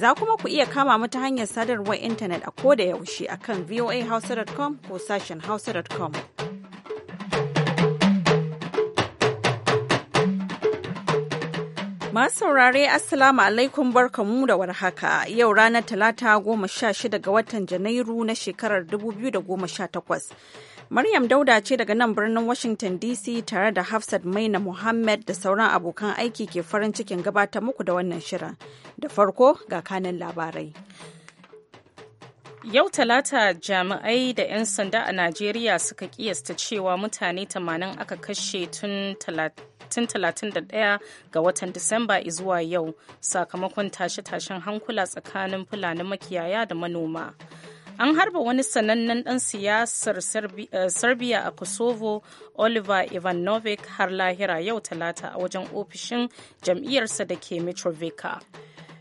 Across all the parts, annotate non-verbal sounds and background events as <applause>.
Za kuma ku iya kama mu ta hanyar sadarwar intanet a koda yaushe a kan voahausa.com ko sashen hausa.com. Masu saurare Assalamu alaikum barkamu da warhaka yau ranar talata goma sha shida ga watan Janairu na shekarar 2018. Maryam Dauda ce daga nan birnin Washington DC tare da Hafsat Maina Muhammad da sauran abokan aiki ke farin cikin gabatar muku da wannan shirin. Da farko ga kanin labarai. Yau Talata jami'ai da 'yan sanda a Najeriya suka kiyasta cewa mutane tamanin aka kashe tun 31 ga watan Disamba zuwa yau sakamakon tashe-tashen hankula tsakanin Fulani makiyaya da manoma. an harba wani sanannen dan siyasar eh, serbia a kosovo oliver ivanovic har lahira yau talata a wajen ofishin jam'iyyarsa da ke mitrovica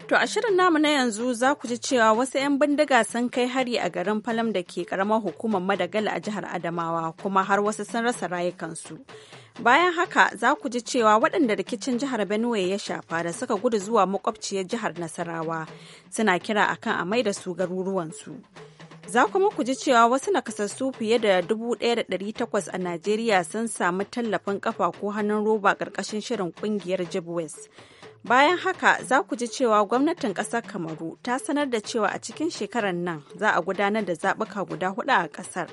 To a shirin namu na yanzu za ku ji cewa wasu 'yan bindiga sun kai hari a garin Falam da ke karamar hukumar Madagal a jihar Adamawa kuma har wasu sun rasa rayukansu. Bayan haka za ku ji cewa waɗanda rikicin jihar Benue ya shafa da suka gudu zuwa makwabciyar jihar Nasarawa suna kira akan a mai da su garuruwansu. Za kuma ku ji cewa wasu nakasassu fiye da 1,800 a Najeriya sun samu tallafin kafa ko hannun roba ƙarƙashin shirin ƙungiyar Jibwes. Bayan haka za ku ji cewa gwamnatin ƙasar Kamaru ta sanar da cewa a cikin shekarar nan za a gudanar da zaɓuka guda hudu a ƙasar.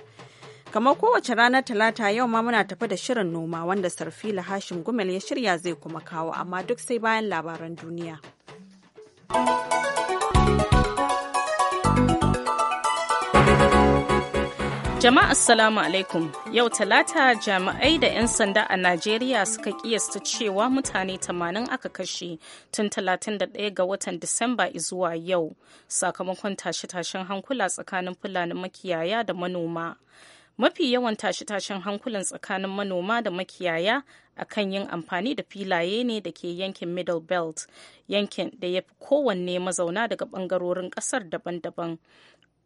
Kamar kowace ranar Talata yau ma muna tafi da shirin noma wanda Sarfila Hashim Gumel ya shirya zai kuma kawo amma duk sai bayan labaran duniya. Jama'a Assalamu alaikum yau talata jami'ai da 'yan sanda a Najeriya suka kiyasta cewa mutane 80 aka kashe tun 31 ga watan Disamba zuwa yau sakamakon tashe-tashen hankula tsakanin Fulani makiyaya da manoma. Mafi yawan tashe-tashen hankulan tsakanin manoma da makiyaya akan yin amfani da filaye ne da ke yankin middle belt yankin da ya fi kowanne mazauna daga ɓangarorin ƙasar daban-daban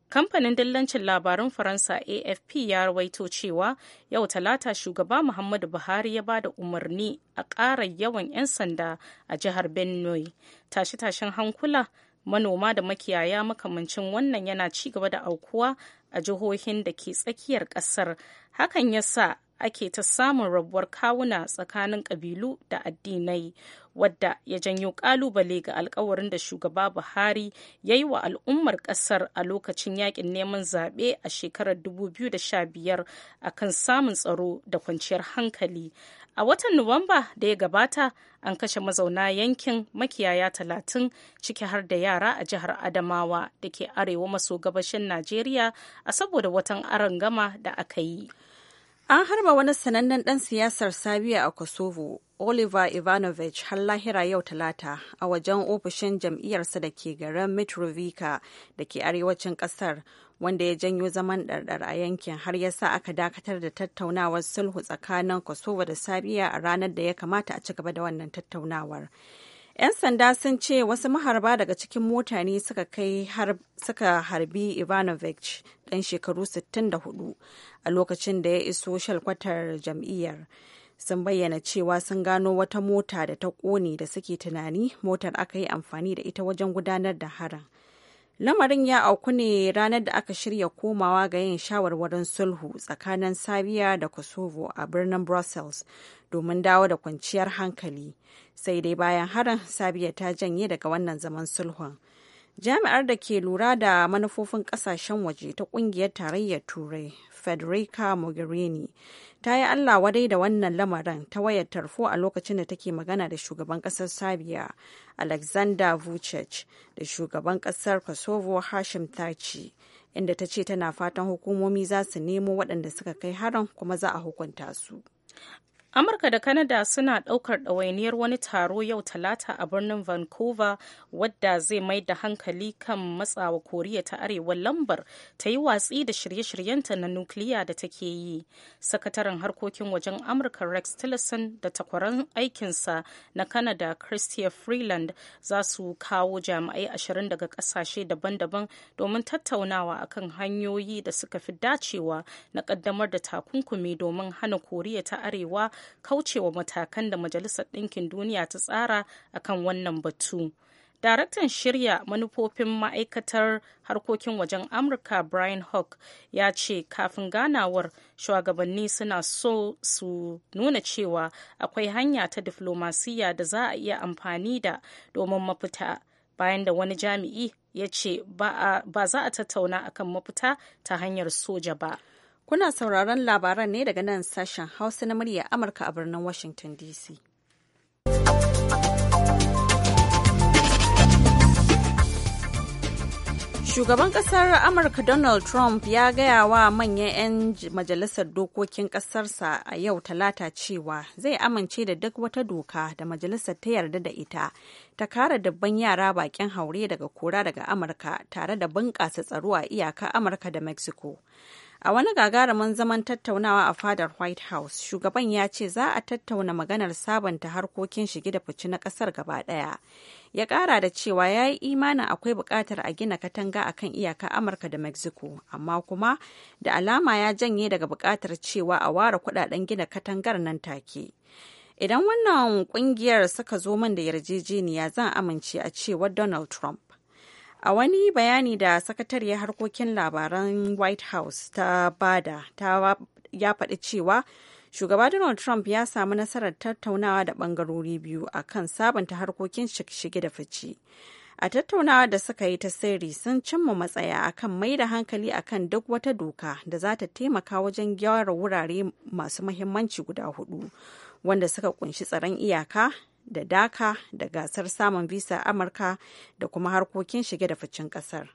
Kamfanin dillancin labarun Faransa AFP ya rawaito cewa yau talata shugaba Muhammadu Buhari ya bada umarni a ƙara yawan 'yan sanda a jihar Benue. tashi tashen hankula manoma da makiyaya makamancin wannan yana ci gaba da aukuwa a jihohin da ke tsakiyar ƙasar. Hakan ya sa ake ta samun rabuwar kawuna tsakanin ƙabilu da addinai wadda ya janyo kalubale ga alkawarin da shugaba buhari ya yi wa al'ummar kasar a lokacin yakin neman zaɓe a shekarar 2015 a kan samun tsaro da kwanciyar hankali a watan nuwamba da ya gabata an kashe mazauna yankin makiyaya talatin ciki har da yara a jihar adamawa da ke arewa maso gabashin najeriya a saboda watan arangama da aka yi An harba wani sanannen ɗan siyasar Sabiya a Kosovo, Oliver Ivanovich har lahira yau talata a wajen ofishin jam'iyyarsa da ke garin Mitrovica da ke arewacin ƙasar, wanda ya janyo zaman ɗarɗar a yankin har ya sa aka dakatar da tattaunawar sulhu tsakanin Kosovo da Sabiya a ranar da ya kamata a ci gaba da wannan tattaunawar. 'Yan sanda sun ce wasu maharba daga cikin mota ne suka kai suka harbi Ivanovich dan shekaru 64 a lokacin da ya iso shalkwatar jam'iyyar. Sun bayyana cewa sun gano wata mota da ta kone da suke tunani motar aka yi amfani da ita wajen gudanar da harin. Lamarin ya auku ne ranar da aka shirya komawa ga yin shawarwarin sulhu tsakanin Sabiya da Kosovo a birnin Brussels domin dawo da kwanciyar hankali. Sai dai bayan harin Sabiya ta janye daga wannan zaman sulhun. Jami'ar da ke lura da manufofin kasashen waje ta kungiyar tarayyar Turai, Federica Mogherini, ta yi Allah wadai da wannan lamarin ta wayar tarfo a lokacin da take magana da shugaban kasar Serbia Alexander Vucic da shugaban kasar Kosovo Hashim Thaci inda ta ce tana fatan hukumomi za su nemo waɗanda suka kai harin kuma za a hukunta su. amurka da canada suna ɗaukar ɗawainiyar wani taro yau talata a birnin vancouver wadda zai mai da hankali kan matsawa koriya ta arewa lambar ta yi watsi da shirye-shiryenta na nukiliya da take yi sakataren harkokin wajen amurka rex tillerson da takwaran aikinsa na canada christian freeland za su kawo jami'ai ashirin daga ƙasashe daban-daban domin tattaunawa akan hanyoyi da suka fi dacewa na ƙaddamar da takunkumi domin hana koriya ta arewa kaucewa matakan da majalisar ɗinkin duniya ta tsara a akan wannan batu daraktan shirya manufofin ma'aikatar harkokin wajen amurka brian hawk ya ce kafin ganawar shugabanni suna so su nuna cewa akwai hanya ta diflomasiyya da za a iya amfani da domin mafita bayan da wani jami'i ya ce ba za a tattauna akan mafita ta hanyar soja ba Kuna sauraron labaran ne daga nan sashen Hausa na murya Amurka a birnin Washington DC. Shugaban ƙasar Amurka Donald Trump ya gaya wa manyan 'yan majalisar dokokin ƙasarsa a yau talata cewa zai amince da duk wata doka da majalisar ta yarda da ita ta kare dabban yara bakin haure daga kora daga Amurka tare da bunƙasa tsaro a iyaka Amurka da Mexico. A wani gagarumin zaman tattaunawa a fadar White House, shugaban ya ce za a tattauna maganar sabanta harkokin shige da fice na kasar gaba ɗaya. Ya ƙara da cewa ya yi imanin akwai buƙatar a gina katanga a kan iyaka Amurka da Mexico, amma kuma da alama ya janye daga buƙatar cewa a ware kuɗaɗen gina katangar nan take. Idan wannan ƙungiyar suka zo man da yarjejeniya zan amince a cewa Donald Trump. A wani bayani da sakatariyar harkokin labaran White House ta bada ta ya faɗi cewa shugaba Donald Trump ya samu nasarar tattaunawa da ɓangarori biyu a kan sabanta harkokin shige da fice. A tattaunawa da suka yi ta sirri sun cimma matsaya akan mai da hankali a kan duk wata doka da za ta taimaka wajen gyara wurare masu mahimmanci guda hudu wanda suka kunshi tsaron iyaka, da daka da gasar samun visa amurka da kuma harkokin shige da ficin kasar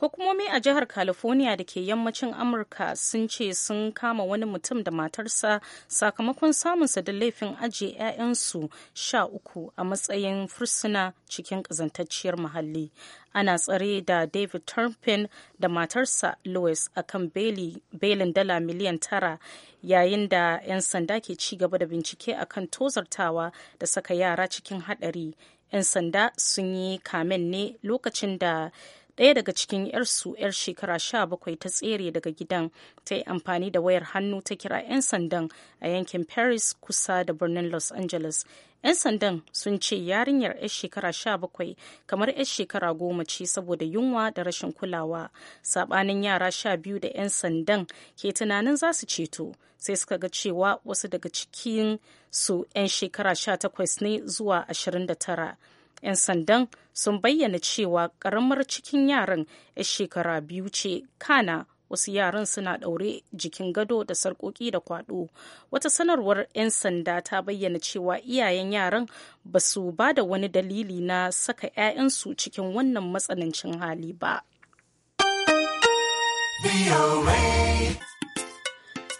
Hukumomi a jihar California da ke yammacin Amurka sun ce sun kama wani mutum da matarsa sakamakon samunsa da laifin ajiye 'ya'yansu sha uku a matsayin fursuna cikin ƙazantacciyar muhalli. Ana tsare da David Turpin da matarsa Louis a kan belin dala miliyan tara yayin da 'yan sanda ke ci gaba da bincike a kan tozartawa da saka yara cikin haɗari. 'Yan sanda sun yi kamen ne lokacin da ɗaya daga cikin 'yarsu 'yar shekara sha bakwai ta tsere daga gidan ta yi amfani da wayar hannu ta kira 'yan sandan a yankin paris kusa da birnin los angeles 'yan sandan sun ce yarinyar 'yar shekara 17 kamar 'yar shekara goma ce saboda yunwa da rashin kulawa sabanin yara sha biyu da 'yan sandan ke tunanin za su ceto sai suka ga cewa wasu daga cikin su 'yan shekara takwas ne zuwa 29 'yan sandan sun bayyana cewa karamar cikin yaran ya shekara biyu ce kana wasu yaran suna daure jikin gado da sarkoki da kwaɗo wata sanarwar 'yan sanda ta bayyana cewa iyayen yaran ba su ba da wani dalili na saka 'ya'yansu cikin wannan matsanancin hali ba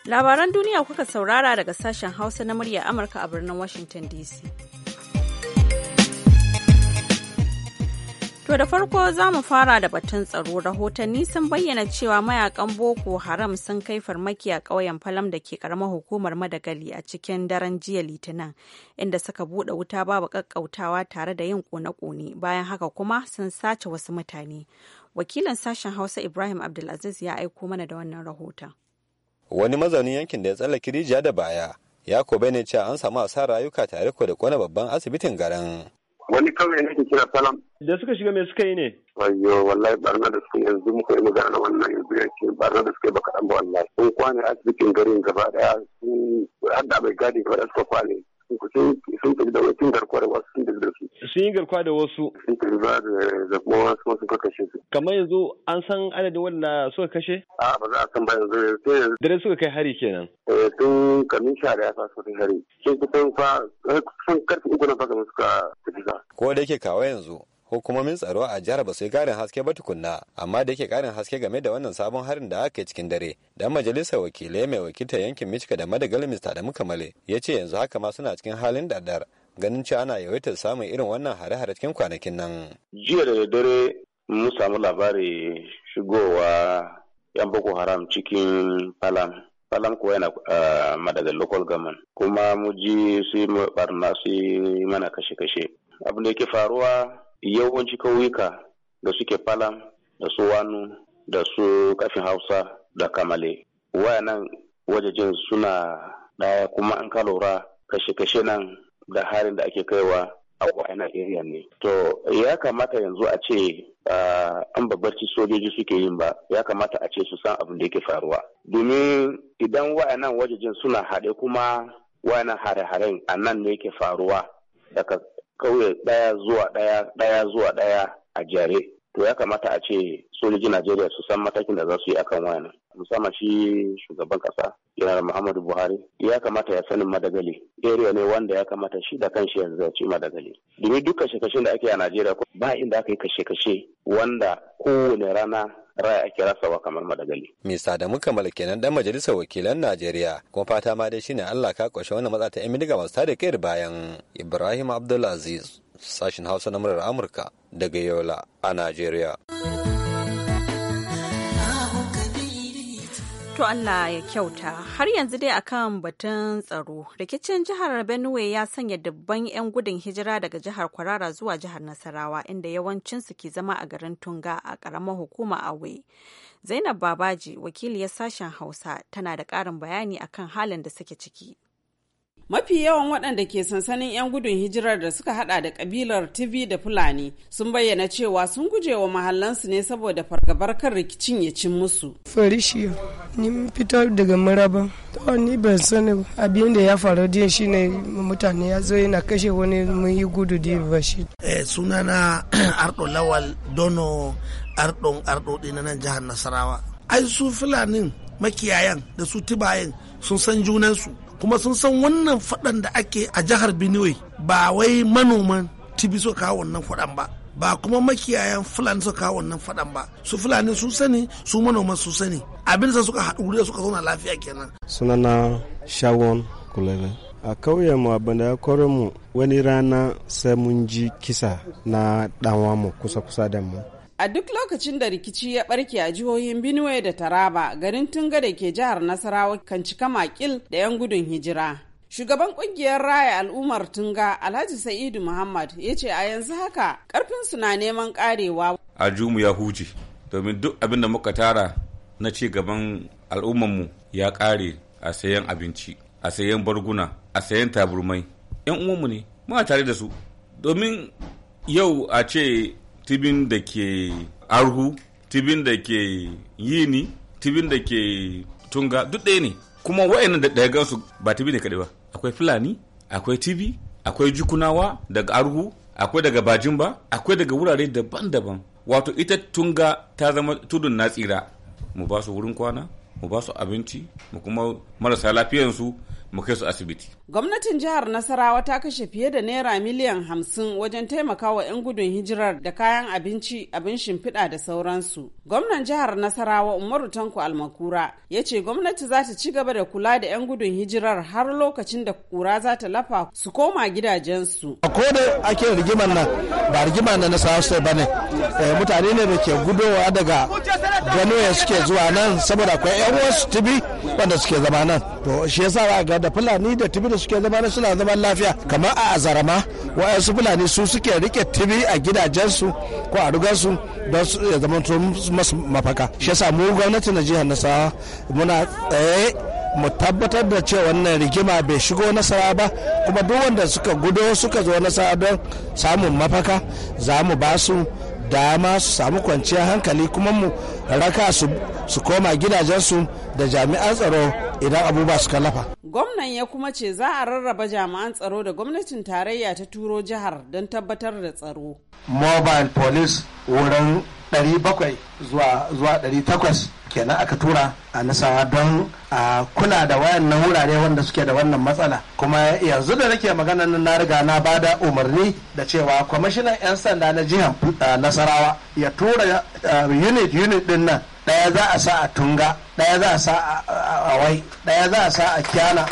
labaran duniya kuka saurara daga sashen hausa na murya amurka a birnin washington dc To da farko za mu fara da batun tsaro rahotanni sun bayyana cewa mayakan Boko Haram sun kai farmaki a ƙauyen Falam da ke karamar hukumar Madagali a cikin daren jiya Litinin inda suka buɗe wuta babu ƙaƙƙautawa tare da yin ƙone-ƙone bayan haka kuma sun sace wasu mutane. Wakilin sashen Hausa Ibrahim Abdulaziz ya aiko mana da wannan rahoton. Wani mazaunin yankin da ya tsallake rijiya da baya ya ko ne cewa an samu asarar rayuka tare da kona babban asibitin garin wani kawai ne ke kira salam da suka shiga me suka yi ne ayyo wallahi barna da suke yanzu muka yi magana wannan yanzu yake barna da suka baka baka ba wallahi sun kwane asibitin garin gaba daya sun hadda bai gadi gaba da suka kwane sun tafi da wai garkuwar wasu sun tafi da sun yi garkuwa da wasu ka kashe kamar yanzu an san adadin wanda suka kashe a ba za a san ba yanzu yanzu dare suka kai hari kenan eh, tun kamin sha da ya sa su kai hari sai kusan fa karfe uku na fa kamar suka ko da yake kawo yanzu hukumomin tsaro a jihar ba su yi karin haske ba tukunna amma da yake karin haske game da wannan sabon harin da aka yi cikin dare dan majalisar wakilai mai wakiltar yankin michika da madagali mista da male, ya ce yanzu haka ma suna cikin halin dadar ganin cewa ana yawaitar samun irin wannan hare-hare cikin kwanakin nan. Jiya da dare, mun samu labari shigowa 'yan Boko Haram cikin falam Falam kuwa yana eh, madaga local government kuma mu ji su barna su mana kashe-kashe. Abin da yake faruwa yawanci kauyuka da suke falam da su Wanu da su kafin Hausa da Kamale. Wayanan wajajen suna daya kuma an ka kashe-kashe nan da harin da ake kaiwa a wa'ina area ne. To ya kamata yanzu a ce an babbarci sojoji suke yin ba ya kamata a ce su san abin da yake faruwa. Domin idan wa'annan wajajen suna haɗe kuma wa'annan hare-haren a nan ne yake faruwa daga kauye ɗaya zuwa ɗaya ɗaya zuwa ɗaya a jare to ya kamata a ce sojojin najeriya su san matakin da za su yi akan wayan musamman shi shugaban kasa da muhammadu buhari ya kamata ya sanin madagali area ne wanda ya kamata shi da kanshi yanzu ya ci madagali domin duk kashe-kashen da ake a najeriya ba inda aka yi kashe-kashe wanda kowane rana raya ake rasawa kamar madagali. Mista da muka kenan dan majalisar wakilan Najeriya kuma fata ma dai shine Allah ka kwashe wannan matsa ta Emily ga masu da kai bayan Ibrahim Abdulaziz sashen Hausa na murar Amurka daga Yola a Najeriya. To Allah ya kyauta har yanzu dai akan batun tsaro rikicin jihar Benue ya sanya dubban 'yan gudun hijira daga jihar Kwarara zuwa jihar Nasarawa inda yawancinsu ke zama a garin Tunga a ƙaramar hukuma Awe. Zainab Babaji wakiliyar sashen Hausa tana da ƙarin bayani akan halin da suke ciki. Mafi yawan waɗanda ke sansanin 'yan gudun hijirar da suka hada da kabilar TV da Fulani sun bayyana cewa sun guje wa mahallansu ne saboda fargabar kan rikicin ya cin musu. Farishiyo, ni fito daga maraba, to ni ban sani abin da ya faru jiya shine mutane ya zo yana kashe wani mun yi gudu da ba shi. Eh, sunana <clears throat> Ardo Lawal Dono Ardo Ardo na nan jihar Nasarawa. Ai su Fulanin makiyayan da su tibayen sun san junansu. kuma sun san wannan faɗan da ake a jihar benue ba wai manoman tibi so kawo wannan faɗan ba ba kuma makiyayan fulani so kawo wannan faɗan ba su fulani su sani su manoma su sani abin da suka haɗu da suka zauna lafiya kenan sunana shawon kulele a kauyenmu abin da ya kore mu wani rana sai mun ji kisa na ɗanwa mu kusa-kusa da mu A duk lokacin da rikici ya barke a jihohin Benue da Taraba, garin Tunga da ke jihar Nasarawa kan cika makil da 'yan gudun hijira. Shugaban kungiyar raya al'ummar Tunga, Alhaji Sa'idu Muhammad, ya ce a yanzu haka su na neman karewa. A jumu ya huce, domin duk abin da muka tara na ci gaban al'ummarmu ya kare a sayan abinci, a sayan barguna, a sayan taburmai. 'Yan uwanmu ne, muna tare da su. Domin yau a ce tibin da ke arhu tibin da ke yini tibin da ke tunga duk ɗaya ne kuma wa'annan da daga gansu ba tibi ne kaɗai ba akwai fulani akwai tibi akwai jukunawa daga arhu akwai daga bajimba akwai daga wurare daban-daban wato ita tunga ta zama tudun na tsira mu ba su wurin kwana mu ba su abinci mu kuma marasa lafiyansu mu su asibiti. Gwamnatin jihar Nasarawa ta kashe fiye da naira miliyan hamsin wajen taimakawa 'yan gudun hijirar da kayan abinci, abin shimfiɗa da sauransu. Gwamnan jihar Nasarawa Umaru Tanko Almakura ya ce gwamnati za ta ci gaba da kula da 'yan gudun hijirar har lokacin da kura za ta lafa su koma gidajensu. A da ake rigimar nan ba rigimar na Nasarawa su ba ne. Eh, mutane ne da ke gudowa daga Benue suke zuwa nan saboda akwai 'yan wasu tibi wanda suke zama nan. To shi yasa ga da fulani da tibi da suke zama na suna zaman lafiya kamar a azarama wa'yansu fulani su suke rike tibi a gidajensu ko a rugansu don su ya zama masu mafaka shi yasa mu gwamnati na jihar nasarawa muna tsaye mu tabbatar da cewa wannan rigima bai shigo nasara ba kuma duk wanda suka gudo suka zo nasara don samun mafaka za mu ba su dama su samu kwanciyar hankali kuma mu raka su koma gidajensu da jami'an tsaro idan abubuwa suka lafa. Gwamnan ya kuma ce za a rarraba jami'an tsaro da gwamnatin tarayya ta turo jihar don tabbatar da tsaro. Mobile police wurin 700 zuwa 800 kenan aka tura a nasawa don a kula da wayannan wurare wanda suke da wannan matsala kuma yanzu da nake magana na riga na bada umarni da cewa kwamishinan 'yan sanda na jihar nasarawa ya tura unit unit din nan ɗaya za a sa a tunga ɗaya za a sa a wai ɗaya za a sa a kyana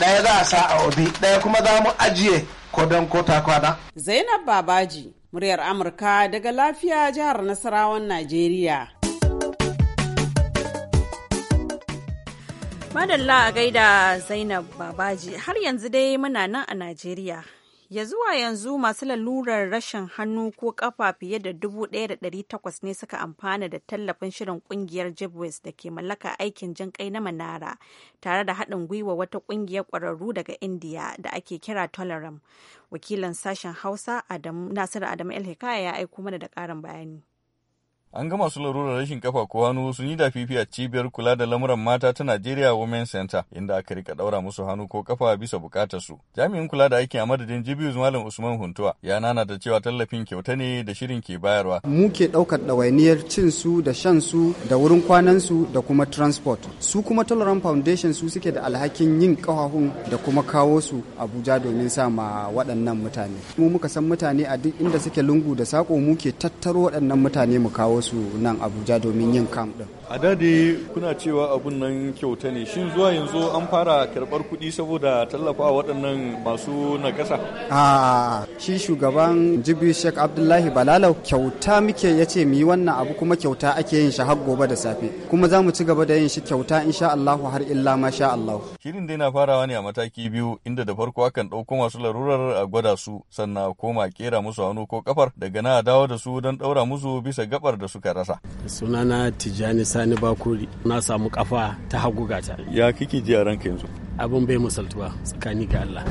ɗaya za a sa a obi ɗaya kuma za mu ajiye ko don ko takwana. zainab babaji muryar amurka daga lafiya jihar nasarawan najeriya madalla a gaida zainab babaji har yanzu dai muna nan a najeriya ya zuwa yanzu masu lalurar rashin hannu ko kafa fiye da 1,800 ne suka amfana da tallafin shirin kungiyar jibwes da ke mallaka aikin jin kai na manara tare da haɗin gwiwa wata kungiyar ƙwararru daga indiya da ake kira toleram wakilan sashen hausa nasiru adamu el ya aiko mana da ƙarin bayani An gama su larurar rashin kafa ko hannu sun yi dafifi a cibiyar kula da lamuran mata ta Najeriya Women Center inda aka rika daura musu hannu ko kafa bisa bukatar su. Jami'in kula da aikin a madadin Jibiyu Malam Usman Huntuwa ya nana da cewa tallafin kyauta ne da shirin ke bayarwa. Mu ke daukar ɗawainiyar cin su da shan su da wurin kwanan su da kuma transport. Su kuma Tolerant Foundation su suke da alhakin yin kafafun da kuma kawo su Abuja domin sa ma waɗannan mutane. Mu muka san mutane a duk inda suke lungu da sako mu ke tattaro waɗannan mutane mu kawo wasu nan abuja domin yin kam din a dade kuna cewa abun nan kyauta ne shin zuwa yanzu an fara karbar kuɗi saboda tallafa waɗannan masu nakasa a shi shugaban jibi sheikh abdullahi balalau kyauta muke ya ce mu yi wannan abu kuma kyauta ake yin shi har gobe da safe kuma za mu ci gaba da yin shi kyauta insha allahu har illa ma sha allahu shirin dai na farawa ne a mataki biyu inda da farko akan ɗauko masu larurar a gwada su sannan a koma kera musu hannu ko kafar daga na dawo da su don ɗaura musu bisa gabar da da suka rasa. Sunana Tijjani Sani Bakuri na samu kafa ta hagu gata. Ya kike ji a ranka yanzu? Abin bai misaltuwa tsakani ga Allah.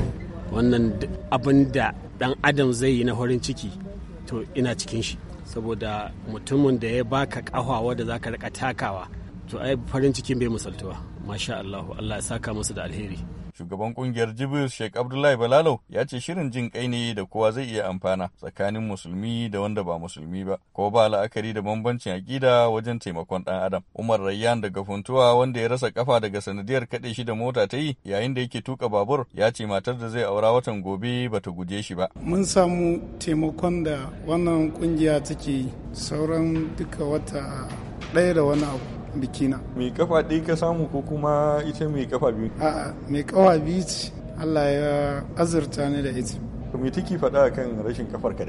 Wannan abin da dan Adam zai yi na farin ciki to ina cikin shi. Saboda mutumin da ya baka wadda da zaka rika takawa to ai farin cikin bai misaltuwa. Masha Allah, Allah ya saka musu da alheri. Shugaban kungiyar Jibril Sheikh Abdullahi Balalau ya ce shirin jin kai ne da kowa zai iya amfana tsakanin musulmi da wanda ba musulmi ba, ko ba la'akari da bambancin aƙida wajen taimakon ɗan adam. Umar Rayyan daga Funtuwa wanda ya rasa kafa daga sanadiyar kaɗe shi da mota ta yi yayin da yake tuka babur ya ce matar da zai aura watan gobe ba ta guje shi ba. Mun samu taimakon da wannan kungiya take sauran duka wata ɗaya da wani abu. bikina mai kafa ɗaya ka samu ko kuma ita mai kafa biyu a'a mai kafa biyu ce Allah ya azurta ni da ita me take faɗa kan rashin kafar ka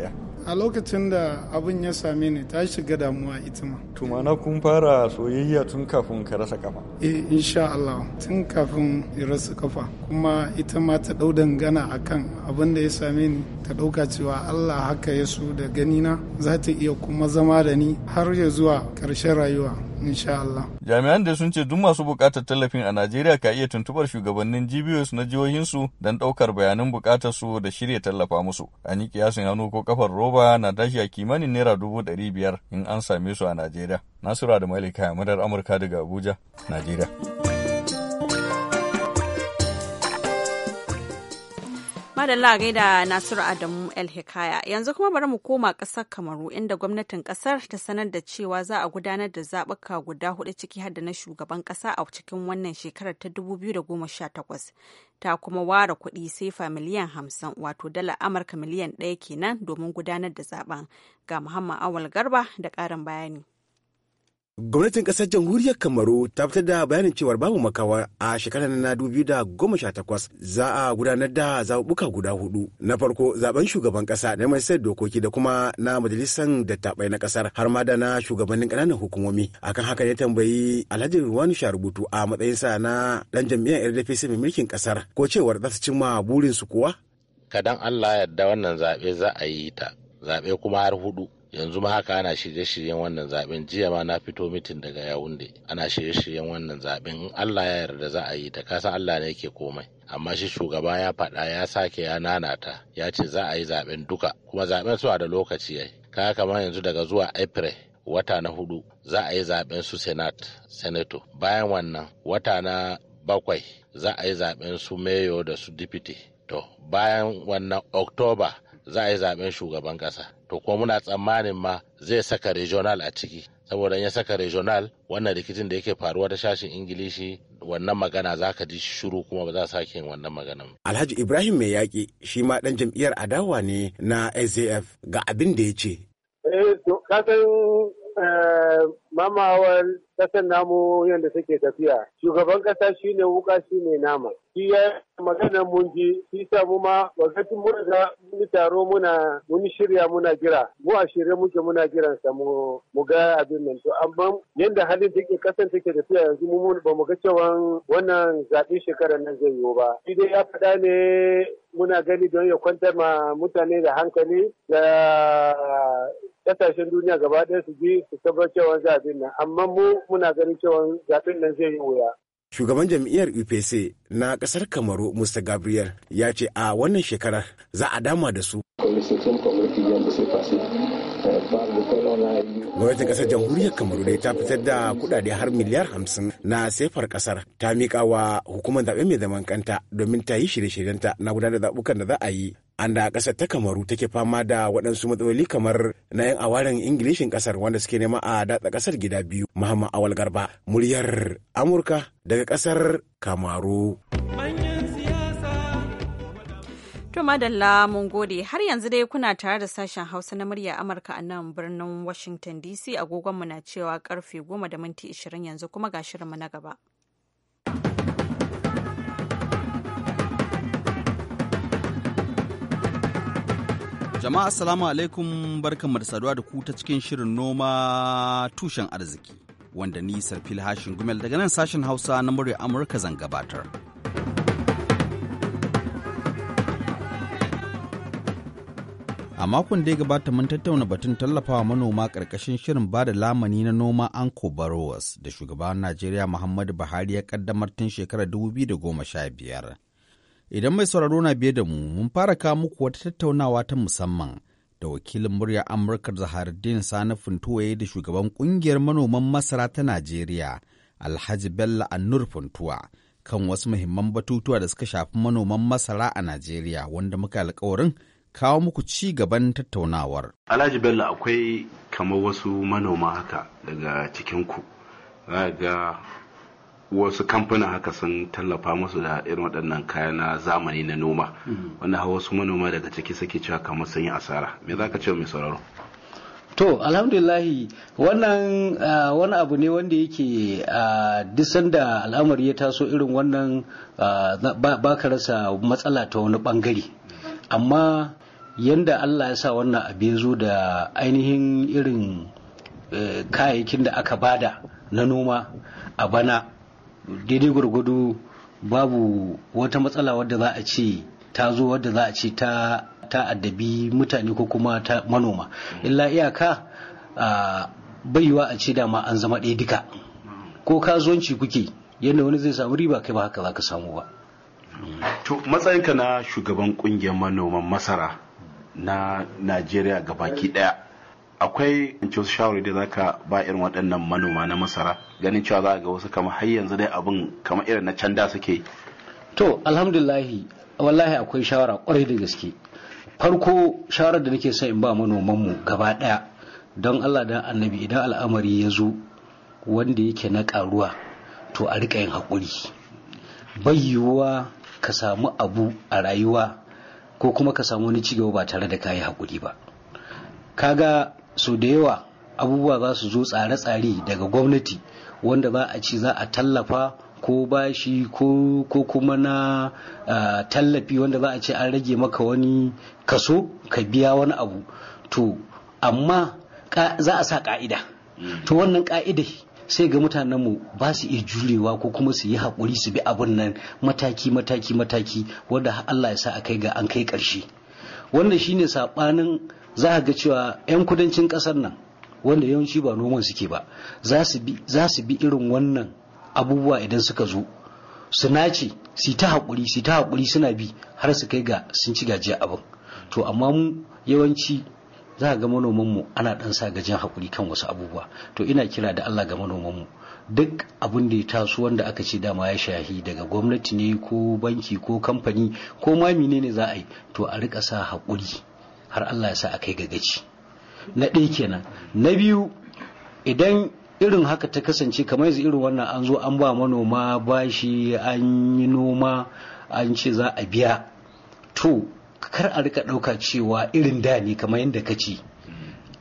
a lokacin da abin ya same ni ta shiga damuwa ita ma to na kun fara soyayya tun kafin ka rasa kafa eh insha Allah tun kafin ya rasa kafa kuma ita ma ta dau dangana akan abin da ya same ni ta ɗauka cewa Allah haka ya su da ganina za ta iya kuma zama da ni har ya zuwa ƙarshen rayuwa insha Allah. Jami'an da sun ce duk masu buƙatar tallafin a Najeriya ka iya tuntubar shugabannin GBOs na jihohinsu don ɗaukar bayanan bukatar su da shirya tallafa musu. An yi kiyasin hannu ko kafar roba kwakwa na tashi a kimanin naira dubu ɗari biyar in an same su a Najeriya. Nasura da Malika madar Amurka daga Abuja, Najeriya. Madalla gaida Nasiru Adamu El Hikaya. Yanzu kuma bari mu koma ƙasar Kamaru inda gwamnatin ƙasar ta sanar da cewa za a gudanar da zaɓuka guda hudu ciki har na shugaban ƙasa a cikin wannan shekarar ta 2018. Ta kuma ware kuɗi sefa miliyan 50 wato dala Amurka miliyan ɗaya kenan domin gudanar da zaɓen. Ga Muhammad Awal Garba da ƙarin bayani. Gwamnatin ƙasar jamhuriyar Kamaru ta fitar da bayanin cewar babu makawa a shekarar na 2018 za a gudanar da zaɓuɓɓuka guda hudu. Na farko zaben shugaban ƙasa na majalisar dokoki da kuma na majalisar dattabai na ƙasar har ma da na shugabannin ƙananan hukumomi. Akan haka ya tambayi Alhaji Ruwanu rubutu, a matsayin sa na ɗan jam'iyyar RDPC mai mulkin ƙasar ko cewar za su cimma burinsu kuwa? Kadan Allah yadda wannan zaɓe za a yi ta zaɓe kuma har hudu. yanzu ma haka ana shirye-shiryen wannan zaben jiya ma na fito mitin daga yawunde ana shirye-shiryen wannan zaben in allah ya yarda za a yi ta kasan allah ne yake komai amma shi shugaba ya faɗa ya sake ya nanata ya ce za a yi zaben duka kuma zaben suna da lokaci yai kaya kamar yanzu daga zuwa april wata na hudu za a yi zaben su senate senator bayan wannan wata na bakwai za a yi zaben su mayo da su deputy to bayan wannan october za a yi zaben shugaban ƙasa to kuma muna tsammanin ma zai saka regional a ciki saboda ya saka regional wannan rikicin da yake faruwa ta shashin ingilishi wannan magana za ka ji shuru kuma ba za a sake wannan magana alhaji ibrahim mai yaƙi shi ma ɗan jam'iyyar adawa ne na saf ga abin da ya ce eh, eh, mamawar. Kasan namu yadda take tafiya. Shugaban ƙasa shine wuka shine nama. Shi ya maganar mun ji, shi samu ma wakati mun mun taro muna mun shirya muna jira. Mu a shirye muke muna jiran sa mu ga abin nan. To amma yadda halin take ƙasar take tafiya yanzu mu ba mu ga cewa wannan zaɓen shekarar nan zai yiwu ba. Shi dai ya faɗa ne muna gani don ya kwantar ma mutane da hankali da kasashen duniya gaba ɗaya su ji su tabbacewa cewa za a nan amma mu muna ganin cewa zaɓen nan zai yi wuya. Shugaban jam'iyyar UPC na ƙasar Kamaru Musa Gabriel ya ce a wannan shekarar za a dama da su. Eh, Gwamnatin ƙasar jamhuriyar Kamaru dai ta fitar da kuɗaɗe har miliyar hamsin na sefar ƙasar ta miƙa wa hukumar zaɓe mai zaman kanta domin ta yi shirye-shiryenta na gudanar da zaɓukan da za a yi anda ƙasar ta kamaru take fama da waɗansu matsaloli kamar na 'yan awarin ingilishin ƙasar wanda suke nema a datsa ƙasar gida biyu muhammad awal garba muryar amurka daga ƙasar kamaru To madalla mun gode har yanzu dai kuna tare da sashen hausa na murya amurka a nan birnin washington dc agogonmu na cewa karfe goma da minti 20 yanzu kuma ga shirinmu na gaba. Jama'a assalamu alaikum barkan da saduwa da ku ta cikin shirin noma tushen arziki wanda ni Sarfil Hashin Gumel daga nan sashen Hausa na murya Amurka zan gabatar. A makon da ya gabata mun tattauna batun tallafawa manoma ƙarƙashin shirin ba da lamani na noma Anko barowas da shugaban Najeriya Muhammadu Buhari ya ƙaddamar tun shekarar 2015. Idan mai sauraro na biye da mu, mun fara kawo muku wata tattaunawa ta musamman da wakilin murya Amurka Zaharuddin Sani Funtuwa da shugaban kungiyar manoman masara ta Najeriya, Alhaji Bello Annur Funtuwa, kan wasu muhimman batutuwa da suka shafi manoman masara a Najeriya wanda muka alkawarin kawo muku ci gaban tattaunawar. Alhaji Bello akwai kamar wasu manoma haka daga cikin ku. ga wasu kamfuna haka sun tallafa musu da irin waɗannan kayan na zamani na noma mm-hmm. wanda wasu manoma daga ciki suke cewa kamar sun yi asara me za ka ce mai sauraro to alhamdulillahi wannan ah, wani abu ne wanda yake ah, disan da al'amari ya taso irin wannan ah, ba ka rasa matsala ta wani bangare amma yadda allah ya sa wannan abu ya zo da ainihin irin eh, kayayyakin da aka bada na noma a bana daidai gwargwado babu wata matsala wadda za a ce ta zo wadda za a ce ta ta addabi mutane ko kuma ta manoma illa iyaka baiwa a ce dama an zama ɗaya duka ko kasuwanci kuke yadda wani zai samu riba kai ba haka za ka samu ba to matsayinka na shugaban kungiyar manoman masara na najeriya baki ɗaya. akwai wasu shawari da zaka ba irin waɗannan manoma na masara ganin cewa za a ga wasu kama har yanzu dai abin kama irin na canda suke to alhamdulillahi wallahi akwai shawara kwarai da gaske farko shawarar da nake son in ba manoman mu gaba daya don Allah da annabi idan al'amari ya zo wanda yake na karuwa to a rika yin haƙuri bai yiwuwa ka samu abu a rayuwa ko kuma ka samu wani cigaba ba tare da kayi haƙuri ba kaga sau da yawa abubuwa za su zo tsare-tsare daga gwamnati wanda za a ce za a tallafa ko bashi ko kuma na tallafi wanda za a ce an rage maka wani kaso ka biya wani abu to amma za a sa ka'ida mm. to wannan ka'ida sai ga mutanenmu ba su iya jurewa ko kuma su yi haƙuri su bi abun nan mataki mataki mataki wanda Allah ya sa a kai ga an kai ƙarshe wannan shine sabanin za ga cewa 'yan kudancin kasar nan wanda yawanci ba noman suke ba za su bi irin wannan abubuwa idan suka zo su nace su ta haƙuri su ta haƙuri suna bi har su kai ga sun ci gajiya abin to amma mu yawanci za ga manomanmu ana ɗan sa gajin haƙuri kan wasu abubuwa to ina kira da Allah ga manomanmu duk abin da ya taso wanda aka ce dama ya shahi daga gwamnati ne ko banki ko kamfani ko ma menene za a yi to a rika sa haƙuri har Allah ya sa a kai ga gaci na ɗaya kenan na biyu idan irin haka ta kasance kamar yanzu irin wannan an zo an ba manoma bashi an yi noma an ce za a biya to kar a rika ɗauka cewa irin da ne kamar yadda ka ce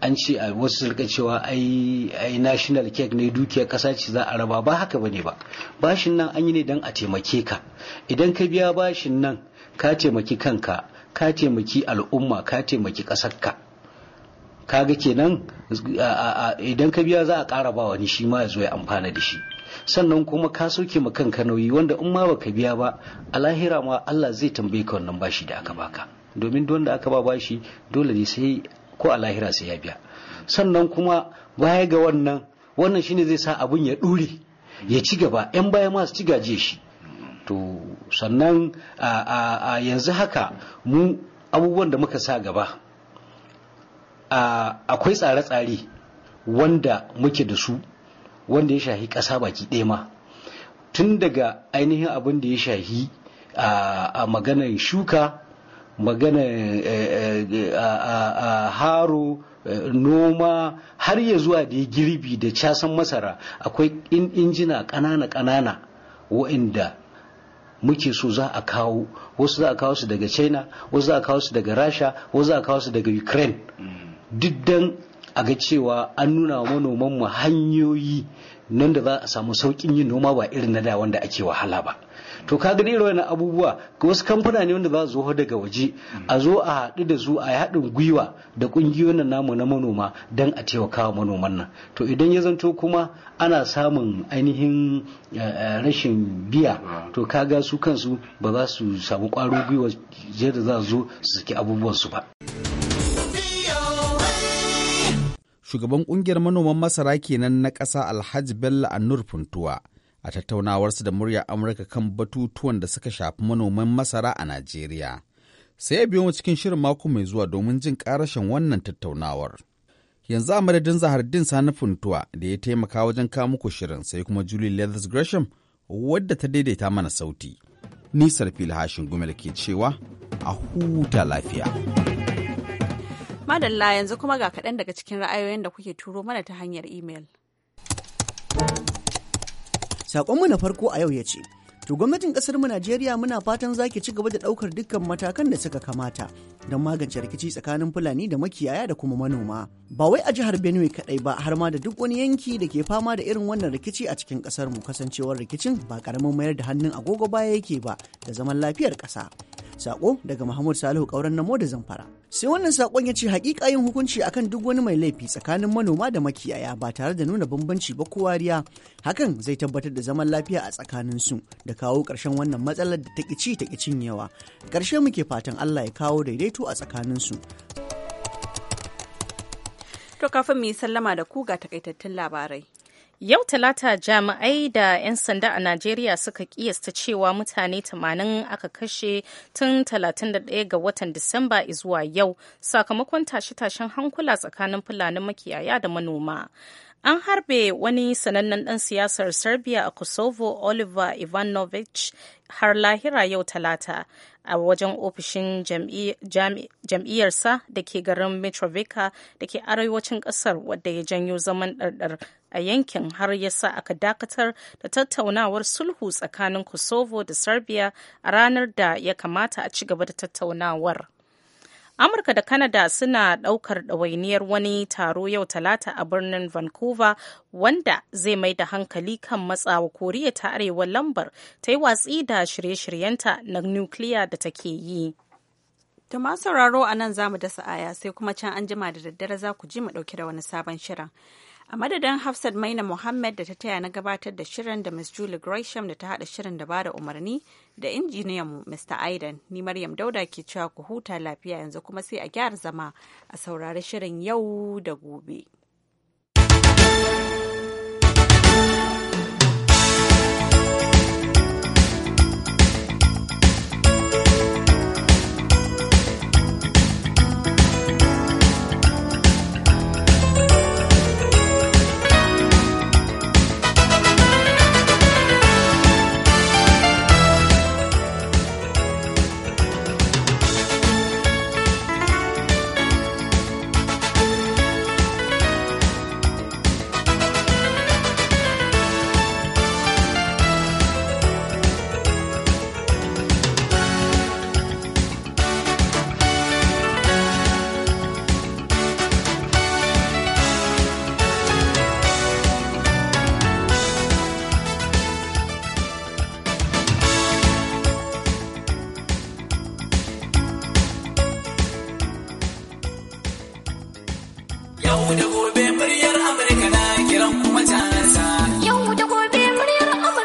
an ce a wasu su rika cewa ai national cake ne dukiyar kasa ce za a raba ba haka bane ba bashin nan an yi ne don a taimake ka idan ka biya bashin nan ka taimaki kanka ka taimaki al'umma ka taimaki kasarka kaga kenan idan ka biya za a ƙara ba wani shi ma ya zo ya amfana da shi sannan kuma ka soke ma kanka nauyi wanda in ma baka biya ba a lahira ma Allah zai tambaye ka wannan bashi da aka baka domin duk wanda aka ba bashi dole ne sai ko a lahira sai ya biya sannan kuma baya ga wannan wannan shine zai sa abun ya dure ya ci gaba yan baya ma su ci gaje shi to sannan a yanzu haka mu abubuwan da muka sa gaba akwai tsare-tsare wanda muke da su wanda ya shahi ƙasa baki ɗaya ma tun daga ainihin abin da ya shahi a maganar shuka magana eh, eh, a haro eh, noma har ya zuwa da girbi da casan masara akwai injina ƙanana-ƙanana wa'inda muke so za a kawo wasu za a kawo su daga china wasu za a kawo su daga rasha wasu za a kawo su daga ukraine mm. duk dan a ga cewa an nuna wa mu hanyoyi nan da za a samu saukin yin noma ba irin na da wanda ake wahala ba to ka gani irin abubuwa ga wasu kamfuna ne wanda za su zo daga waje a zo a haɗu da su a haɗin gwiwa da ƙungiyoyin namu na manoma don a taimaka wa manoman nan to idan ya zanto kuma ana samun ainihin eh, eh, rashin biya to kaga su kansu ba za su samu ƙwarin gwiwa da za su zo su saki abubuwansu ba. Shugaban ƙungiyar manoman masara kenan na ƙasa Alhaji Bello a Funtuwa. a tattaunawarsa da murya Amurka kan batutuwan da suka shafi manoman masara a Najeriya. Sai biyo mu cikin shirin mako mai zuwa domin jin karashin wannan tattaunawar. Yanzu a madadin din Sani Funtuwa da ya taimaka wajen kawo muku shirin sai kuma Julie Leathers Gresham wadda ta daidaita mana sauti. Nisar filhashin hashin gumel ke cewa a huta lafiya. Madalla yanzu kuma ga kaɗan daga cikin ra'ayoyin da kuke turo mana ta hanyar imel. Sakonmu na farko a yau ya ce, To gwamnatin kasar mu Najeriya muna fatan zaki ci gaba da ɗaukar dukkan matakan da suka kamata don magance rikici tsakanin Fulani da makiyaya da kuma manoma. Ba wai a jihar Benue kadai ba har ma da duk wani yanki da ke fama da irin wannan rikici a cikin kasar mu kasancewar rikicin ba karamin mayar da hannun agogo baya yake ba da zaman lafiyar ƙasa. Sako daga Muhammad Salihu Kauran Namo da Zamfara. Sai wannan sakon ya ce hakika yin hukunci akan duk wani mai laifi tsakanin manoma da makiyaya ba tare da nuna bambanci ba ko wariya hakan zai tabbatar da zaman lafiya a tsakanin su da kawo ƙarshen wannan matsalar da ta ci ta cinyewa. Ƙarshe muke fatan Allah ya kawo daidaito a tsakanin su. To kafin mu yi sallama da ku ga takaitattun labarai. Yau Talata jami'ai da 'yan sanda a Najeriya suka kiyasta cewa mutane 80 aka kashe tun 31 ga watan Disamba zuwa yau sakamakon tashe-tashen hankula tsakanin Fulani makiyaya da manoma. An harbe wani sanannen ɗan siyasar Serbia a Kosovo Oliver Ivanovich, har lahira yau talata a wajen ofishin jam'iyyarsa da ke garin Mitrovica da ke arewacin ƙasar wadda ya janyo zaman ɗarɗar a yankin har ya sa aka dakatar da tattaunawar sulhu tsakanin Kosovo da Serbia a ranar da ya kamata a ci gaba da tattaunawar. amurka da canada suna ɗaukar ɗawainiyar wani taro yau talata a birnin vancouver wanda zai mai da hankali kan matsawa koriya ta arewa lambar ta yi watsi da shirye-shiryenta na nukiliya da take yi To masu sauraro a nan za mu dasa aya sai kuma can an jima da daddare za ku ji mu ɗauki da wani sabon shirin. a madadin hafsat maina muhammad da ta taya na gabatar da shirin da miss julie gresham da ta hada shirin da bada umarni da injiniyan mr aidan ni maryam dauda ke cewa ku huta lafiya yanzu kuma sai a gyara zama a saurari shirin yau da gobe.